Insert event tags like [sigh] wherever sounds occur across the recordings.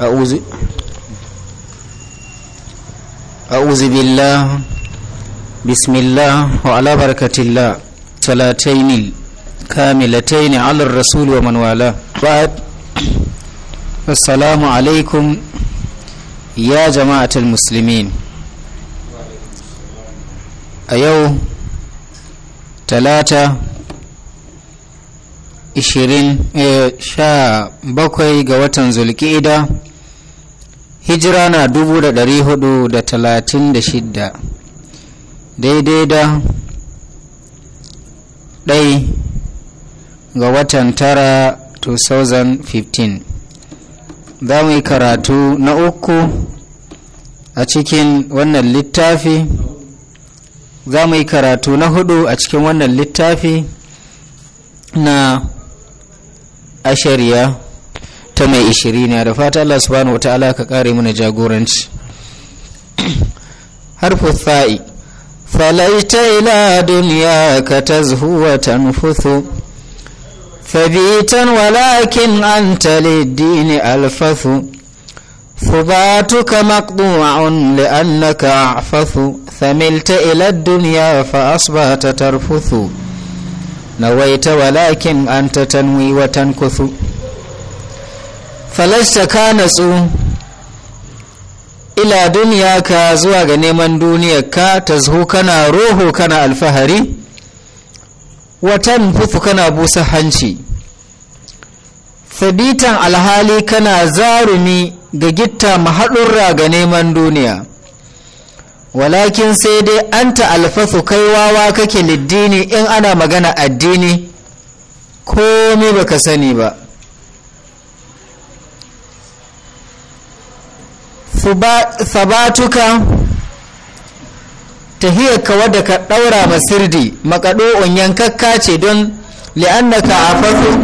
a'udhu billahi bismillah wa ala barakatillah talataini kamilataini ala rasul wa man wala ba'd assalamu alaikum ya jama'atul muslimin a yau talata 20 eh, sha bakwai ga watan zulkida hijira na 436 daidai da ɗai ga watan tara 2015 za mu yi karatu na uku a cikin wannan littafi za mu yi karatu na hudu a cikin wannan littafi na ashariya ta mai ishirin da fata Allah subhanahu wataala ka kare mana jagoranci [clears throat] harfu tha'i falaita ila duniya ka tazhu wa tanfuthu fabitan walakin anta lid-dini alfathu fubatuka maqdu'un li'annaka afathu thamilta ila ad-dunya fa asbahta tarfuthu nawaita walakin anta tanwi wa tankuthu falasta ka natsu ila duniya ka zuwa ga neman duniyar ka ta kana roho kana alfahari watan fufu kana busa hanci faditan alhali kana zarumi ga gitta mahaɗurra ga neman duniya walakin sai dai anta alfasu kai wawa kake liddini in ana magana addini komi baka sani ba sabatuka kawar da ka ɗaura masirdi on yankakka ce don ka a fasu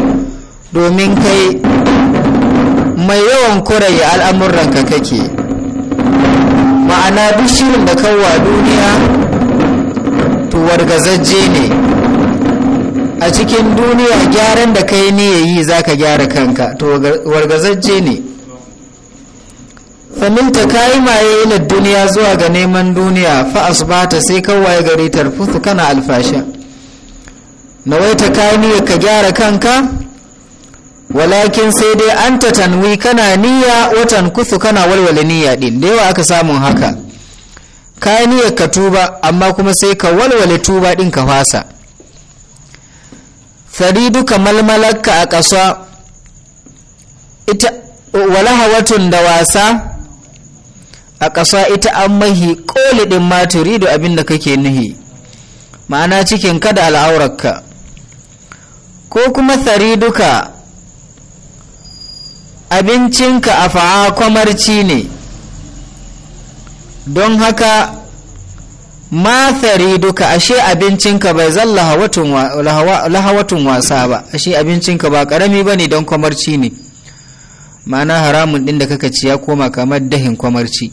domin kai mai yawan kuraye al'amuranka kake ma'ana duk shirin da kawwa duniya to wargazajje ne a cikin duniya gyaran da kai ne yayi ka gyara kanka to wargazajje ne faminta kayi maye ila duniya zuwa ga neman duniya fa asbata sai kawai gari tarfusu kana alfasha ta kayi niyyar ka gyara kanka walakin sai dai an ta tanwi kana niyya watan kusu kana walwale niyya din da yawa aka samun haka kayi niyyar ka tuba amma kuma sai ka walwale tuba din ka fasa duka malmalarka a ƙasa ita walahawatun da wasa a ƙasa ita an mahi ƙolidin maturi da abin da kake nuhi ma'ana cikin kada al'aurarka ko kuma tsari duka abincinka a fa'a kwamarci ne don haka ma tsari duka ashe abincinka bai zan lahawatun wasa ba ashe abincinka ba ƙarami ba ne don kwamarci ne ma'ana haramun ɗin da kaka ciya koma kamar dahin kwamarci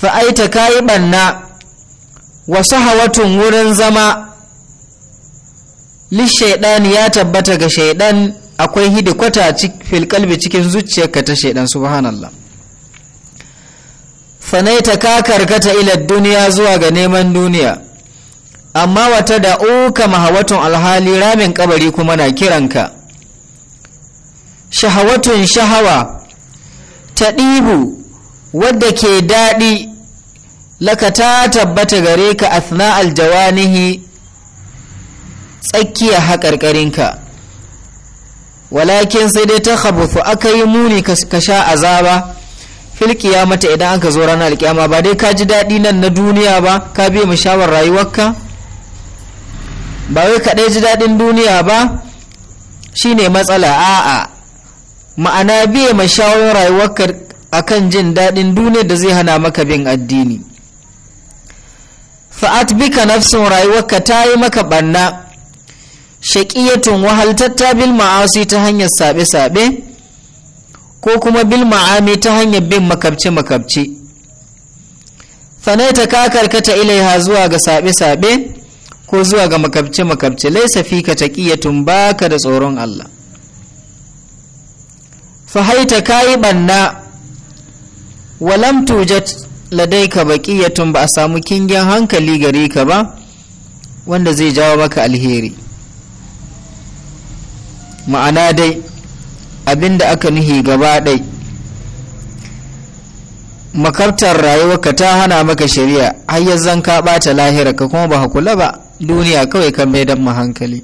fa'aita ka yi ɓanna wasu hawatun wurin zama lishaiɗan ya tabbata ga shaiɗan akwai hidikwata filkalbi cikin zuciyarka ta shaiɗan subhanallah fanaita ka karkata ila duniya zuwa ga neman duniya amma wata da uka mahawatun alhali ramin kabari kuma na kiranka shahawatun shahawa ta ɗibu wadda ke daɗi laka ta tabbata gare ka athna aljawanihi tsakiya haƙarƙarinka walakin sai dai ta khabuthu aka yi muni ka sha azaba filkiya mata idan aka zo ranar alkiyama ba dai ka ji daɗi nan na duniya ba ka biya mu shawar rayuwarka ba wai kaɗai ji daɗin duniya ba shi ne matsala a'a ma'ana biya mu shawar rayuwarka akan jin daɗin duniya da zai hana maka bin addini fa'at bika nafsin rayuwarka ta yi maka ɓanna shaƙiyatun wahaltatta bil ma'asi ta hanyar saɓe-saɓe ko kuma bil ma'ami ta hanyar bin makabce-makabce fanaita ka karkata ilaiha zuwa ga saɓe-saɓe ko zuwa ga makabce-makabce laisa fi ka taƙiyatun baka da tsoron Allah fahaita ka yi ɓanna walam tujat ya tun ba a samu kingen hankali gare ka ba wanda zai jawo maka alheri ma'ana dai abinda aka nuhi gaba ɗai makartar ka ta hana maka shari'a har zan ka bata lahira ka kuma ba hakula ba duniya kawai kan mai dan hankali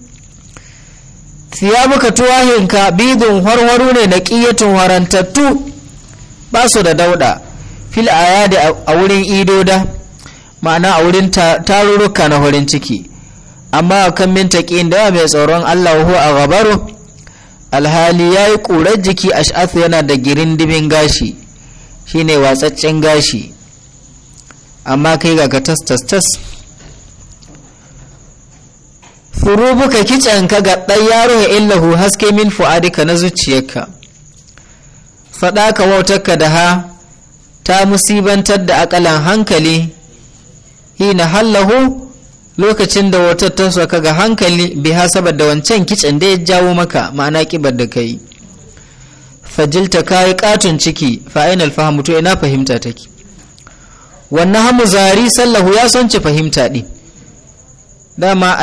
siyabuka tuwahinka bidin warwaro ne na ƙiyatun warantattu ba su da dauɗa fil da a wurin idoda ma'ana a wurin tarurruka na horin ciki amma a kan min taƙin da mai tsoron Allah a gabaro alhali ya yi ƙurar jiki a yana da girindibin gashi shine watsaccen gashi amma kai ga ka tas tas tas furubuka ka ga ɗan yaro ya illahu haske min fu'adika na zuciyarka faɗa ka wautarka da ha ta musibantar da akalan hankali hina hallahu lokacin da wata ta soka ga hankali bi hasabar da wancan kicin da ya jawo maka ma'ana kibar da kai fajilta kayi katon ciki fa'inal fahimu to ina fahimta take wannan hamu zari sallahu ya sonce fahimta ɗin dama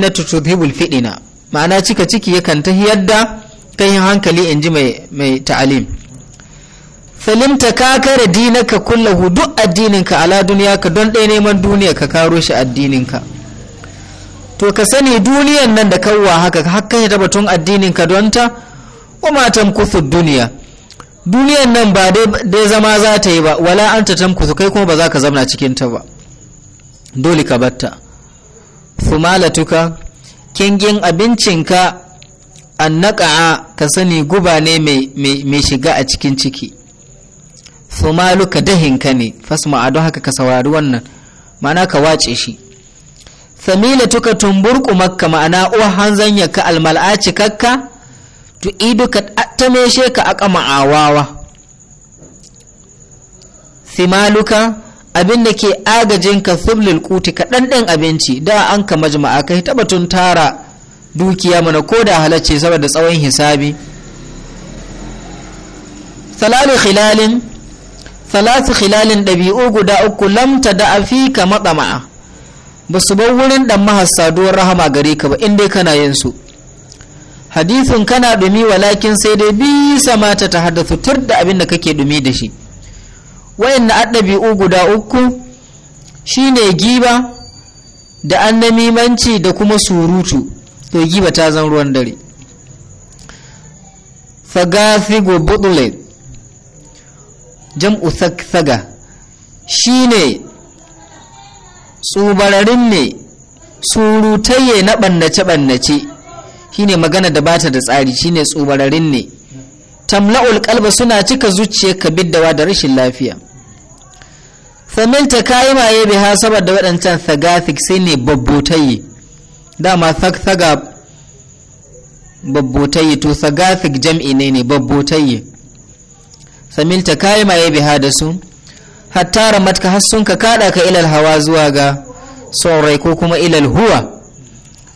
na tutudhibul fidina ma'ana cika ciki yakan ta hiyar da kayan hankali in ji mai ta'alim falimta ka kare dinaka kullahu duk addininka ala duniya ka don ɗaya neman duniya ka karo shi addininka to ka sani duniyan nan da kawwa haka haka ya batun addininka don ta kuma tamkufu duniya duniyan nan ba dai zama za ta yi ba wala an ta tamkusu kai kuma ba za ka zamna cikin ta ba dole ka batta fumalatuka kingin abincinka annaka ka sani guba ne mai shiga a cikin ciki fumaluka dahinka ne fasma don haka ka saurari wannan ma'ana ka wace shi famila tuka tumburku makka ma'ana uwa hanzan ya ka almal'aci kakka tu idu ka tameshe ka aka ma'awawa thimaluka abin da ke agajin ka thublil kuti ka ɗanɗan abinci da an ka majma'a ka taba tun tara dukiya mana ko da halacce saboda tsawon hisabi salalu khilalin thalathu khilalin ɗabi'u guda uku lamta da fi ka matsama'a ba su bar wurin ɗan mahassaduwar rahama gare ka ba in dai kana yin su hadithun kana dumi walakin sai dai bisa mata ta haddathu tur da abin da kake dumi da shi wayan na ɗabi'u guda uku shine giba da annamimanci da kuma surutu to giba ta zan ruwan dare fagafi go butlet jam'u saga shi ne tsubararin ne surutayye na ɓannace-ɓannace shi ne magana da bata da tsari shi ne tsubararin ne tamla'ul kalba suna cika zuciya ka biddawa da rashin lafiya saminta kayi maye biya saboda waɗancan sagathic sai ne babbotayye dama saga babbotayye to sagathic jam'i ne ne babbotayye samilta kayi maye biha da su hatta ramatka har sun ka kada ka ilal hawa zuwa ga saurai ko kuma ilal huwa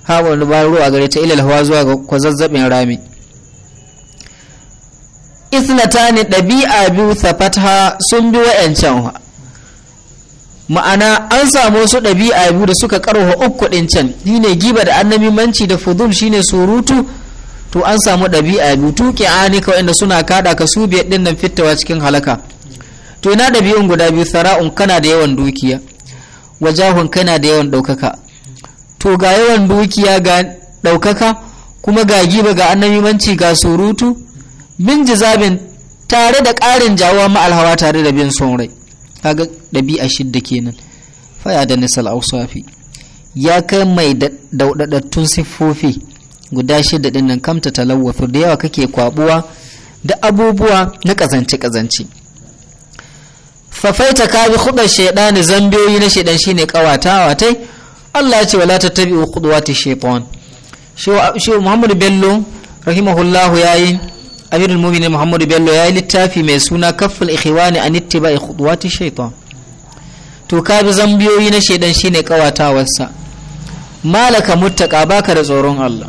hawa da baro ruwa gare ta ilal hawa zuwa ga kwazazzabin rami isnatani ɗabi'a biyu safatha sun bi wa'yancan ma'ana an samu wasu ɗabi'a biyu da suka karwa uku din can shine giba da annabi manci da fudul shine surutu to an samu ɗabi'a biyu a ani ka wanda suna kada ka su biyar ɗin nan fittawa cikin halaka to ina ɗabi'un guda biyu sara'un kana da yawan dukiya wajahun kana da yawan ɗaukaka to ga yawan dukiya ga ɗaukaka kuma ga giba ga annabimanci ga surutu bin jizabin tare da ƙarin jawo ma ma'alhawa tare da bin son rai kaga ɗabi'a shidda kenan faya nisal ausafi ya kai mai daudadattun siffofi guda shida din nan kamta talawwafir da yawa kake kwabuwa da abubuwa na kazance kazance fafaita ka bi hudar shaidani zambiyoyi na shaidan shine kawatawa tai Allah ya ce wala tattabi'u khudwati shaytan shi Muhammad Bello rahimahullah yayi Amirul Mu'minin Muhammad Bello yayi littafi mai suna Kafful Ikhwani an ittiba'i khudwati shaytan to ka bi zambiyoyi na shaidan shine kawatawarsa malaka muttaka baka da tsoron Allah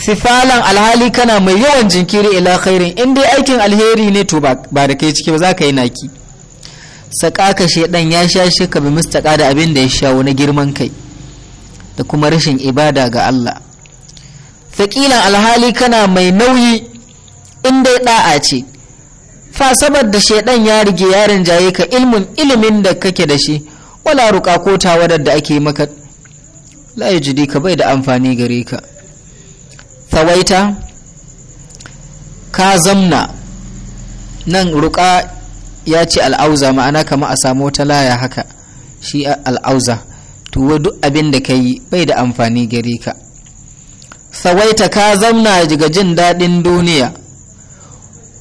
sifalan alhali kana mai yawan jinkiri ila khairin in dai aikin alheri ne to ba da kai ciki ba za ka yi naki ka shaidan ya sha shi ka bi mustaka da abin da ya sha wani girman kai da kuma rashin ibada ga Allah faƙilan alhali kana mai nauyi in dai da'a ce fa sabar da shaidan ya rige yaron jaye ka ilmin ilimin da kake da shi wala ruka ko tawadar da ake maka la ka bai da amfani gare ka tsawaita ka zamna nan ruka ya ce al'auza ma'ana kama a samu wata laya haka shi al'auza tuwa duk abin da ka yi bai da amfani gare ka tsawaita ka zamna daga jin daɗin duniya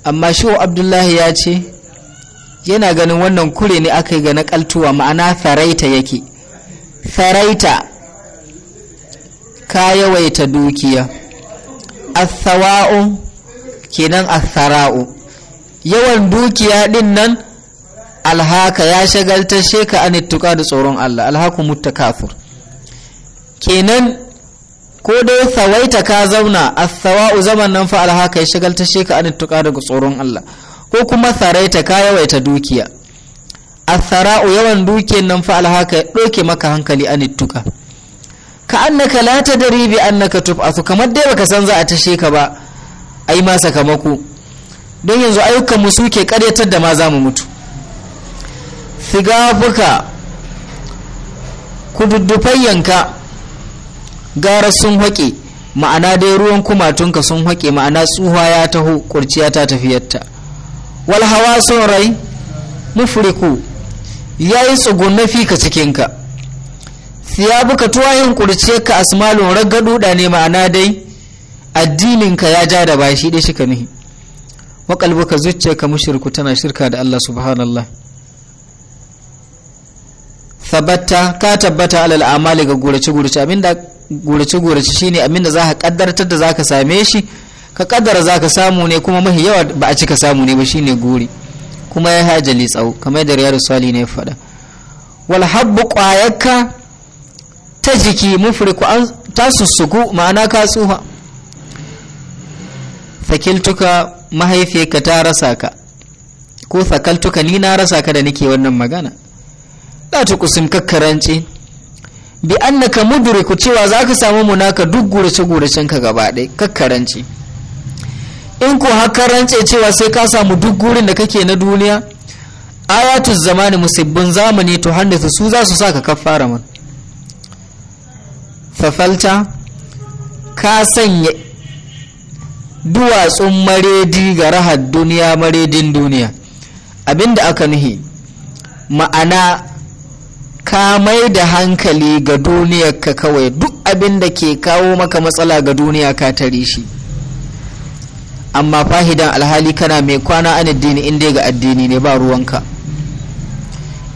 amma shi abdullahi ya ce yana ganin wannan kure ne aka yi ga na kaltuwa ma'ana faraita yake faraita ka yawaita dukiya asawa'u kenan asara'u yawan dukiya din nan alhaka ya shagalta sheka an tuka da tsoron Allah alhaku mutakafur kenan ko dai tsawaita ka zauna asawa'u zaman nan fa alhaka ya shagalta sheka an tuka daga tsoron Allah ko kuma tsaraita ka yawaita dukiya asara'u yawan dukiyan nan fa alhaka ya ɗauke maka hankali an tuka ka annaka la ta tadri bi annaka asu kamar dai baka san za a tashe ka ba ai ma sakamako don yanzu ayyukan mu suke karyatar da ma za mu mutu kududdufan yanka. gara sun haƙe ma'ana dai ruwan kumatunka sun haƙe ma'ana tsuha ya taho kurciya ta tafiyarta wal hawa sun rai mufriku yayi tsugunna fika cikinka buka tuwayin kurce ka asmalun da ne ma'ana dai addinin ka ya ja da bashi dai shi ka nuhi wa kalbuka ka mushirku tana shirka da Allah subhanallah tabbata ka tabbata alal amali ga gurace gurace abinda gurace gurace shine abinda zaka kaddartar da zaka same shi ka kaddara zaka samu ne kuma mahi yawa ba a cika samu ne ba shine gori kuma ya hajali tsawo kamar da riyadu sali ne ya faɗa wal habbu qayaka ta jiki mufriku an ta sussuku ma'ana ka tsufa fakiltuka mahaifiyarka ta rasa ka ko fakaltuka ni na rasa ka da nake wannan magana la ta kusin kakkarance bi annaka mudriku cewa za ka samu munaka duk gurace guracen ka gaba ɗaya kakkarance in ko hakkarance cewa sai ka samu duk gurin da kake na duniya ayatu zamani musibbin zamani to hannu su za su sa ka kaffara mana fafalta ka sanya duwatsun maredi ga rahar duniya maredin duniya abinda aka nuhi ma'ana ka mai da hankali ga duniyarka kawai duk abinda ke kawo maka matsala ga duniya ka tare shi amma fahidan alhali kana mai kwana an addini inda ga addini ne ba ruwanka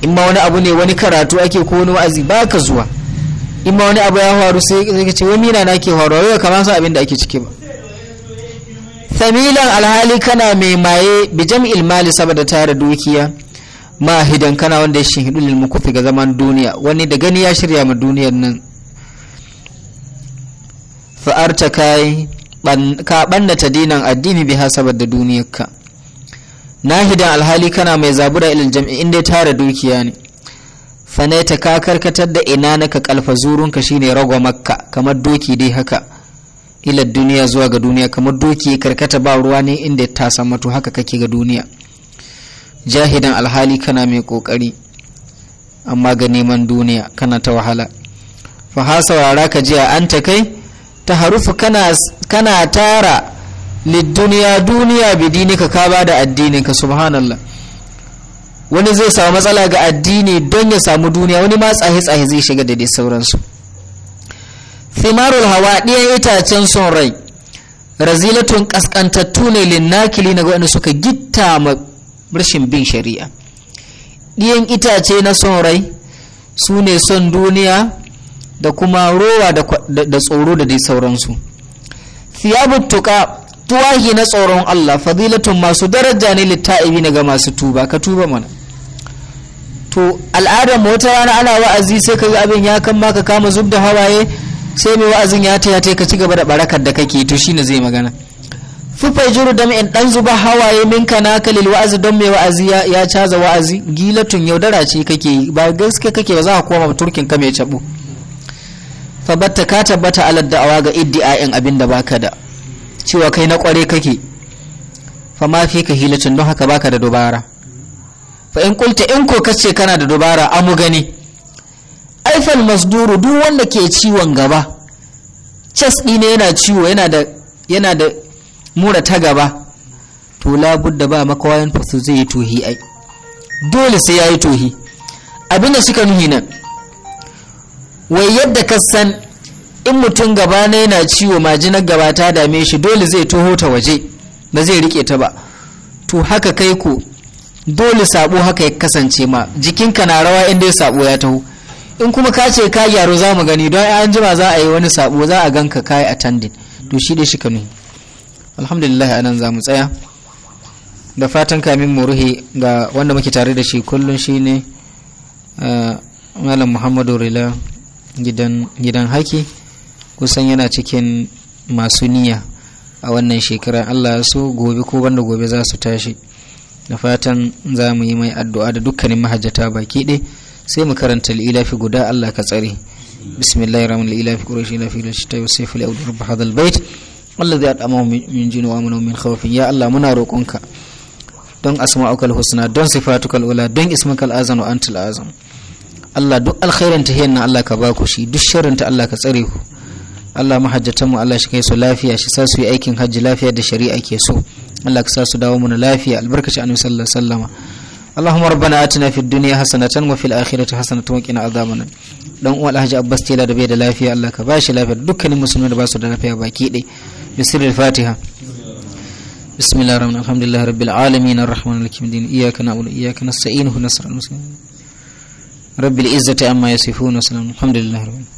in ma wani abu ne wani karatu ake ko wani wa'azi ba ka zuwa in ma wani abu ya faru sai ka ce wani na ke faru yau kamar su abin da ake ciki ba samilan alhali kana mai maye bi jam'il mali saboda tare dukiya ma hidan kana wanda ya shihidu lil mukufi ga zaman duniya wani da gani ya shirya ma duniyar nan fa'arta kai ka banna ta dinan addini biha saboda duniyarka hidan alhali kana mai zabura ilil jam'i inda tara dukiya ne fanaita ka karkatar da ina na ka kalfa zurunka shine rago makka kamar doki dai haka ila duniya zuwa ga duniya kamar doki karkata ba ruwa ne inda ta samatu haka kake ga duniya jahidan alhali kana mai kokari amma ga neman duniya kana ta wahala fa ha ka jiya an ta kai ta harufu kana, kana tara lidduniya duniya bidinika ka ba da addininka subhanallah wani zai samu matsala ga addini don ya samu duniya wani ma tsaye-tsaye zai shiga da dai sauransu thimarul hawa ɗiyan itacen son rai razilatun ƙasƙantattu ne linnakili na waɗanda suka gitta ma rashin bin shari'a ɗiyan itace na son rai su ne son duniya da kuma rowa da tsoro da dai sauransu thiyabut tuka tuwahi na tsoron Allah fadilatun masu daraja ne litta'ibi ne ga masu tuba ka tuba mana to al'adar rana ana wa'azi sai ka abin ya kan ka kama zub da hawaye sai mai wa'azin ya taya ta ka ci gaba da barakar da kake to shine zai magana fufai juru da in dan zuba hawaye minka na kalil wa'azi don mai wa'azi ya caza wa'azi gilatun yaudara ce kake ba gaske kake ba za ka koma turkin ka mai cabo fa batta ka tabbata alad da'awa ga iddi'a'in abin da baka da cewa kai na kware kake fa ma fi ka hilatun don haka baka da dubara fa in kulta in ko kace kana da dubara amu gani aifal masduru duk wanda ke ciwon gaba chest ne yana ciwo yana da yana da mura ta gaba to budda ba makawayan fasu zai yi tuhi ai dole sai ya yi abinda suka nuhi nan wai yadda ka san in mutum gaba na yana ciwo majinar gaba ta dame shi dole zai toho ta waje ba zai rike ta ba to haka kai ku dole sabo haka ya kasance ma jikinka na rawa inda ya sabo ya taho in kuma ka ce ka gyaru za mu gani don an jima za a yi wani sabo za a ganka ka yi attending to shi dai shi kanu alhamdulillah anan za mu tsaya da fatan kamin mu ruhe ga wanda muke tare da shi kullum shi ne eh, malam muhammadu rila gidan haki kusan yana cikin masu niyya a wannan shekara allah so gobe ko banda gobe za su tashi da fatan za mu yi mai addu'a da dukkanin mahajjata baki ɗe sai mu karanta lilafi guda allah ka tsare bismillahir rahman lilafi shi lafi lilafi ta yusuf abu awdur hadal bait adama at'amahu min jini wa amanu min khawfin ya allah muna roƙonka don asma'ukal husna don sifatukal ula don kal azan wa antal azam Allah duk alkhairin ta na Allah ka baku shi duk sharrin ta Allah ka tsare ku Allah mahajjatan mu Allah shi kai su lafiya shi sa su yi aikin hajji lafiya da shari'a ke so Allah ka sa su dawo mana lafiya albarkaci annabi sallallahu alaihi wasallama اللهم ربنا اتنا في الدنيا حسنه وفي الاخره حسنه وقنا عذاب النار uwa alhaji abbas da bai da lafiya Allah ka bashi lafiya dukkanin musulmi da basu da lafiya baki ɗaya bisir al-fatiha بسم الله الرحمن الحمد لله رب العالمين الرحمن الرحيم دين اياك نعبد واياك نستعين اهدنا الصراط المستقيم رب العزه عما يصفون وسلام الحمد لله رب العالمين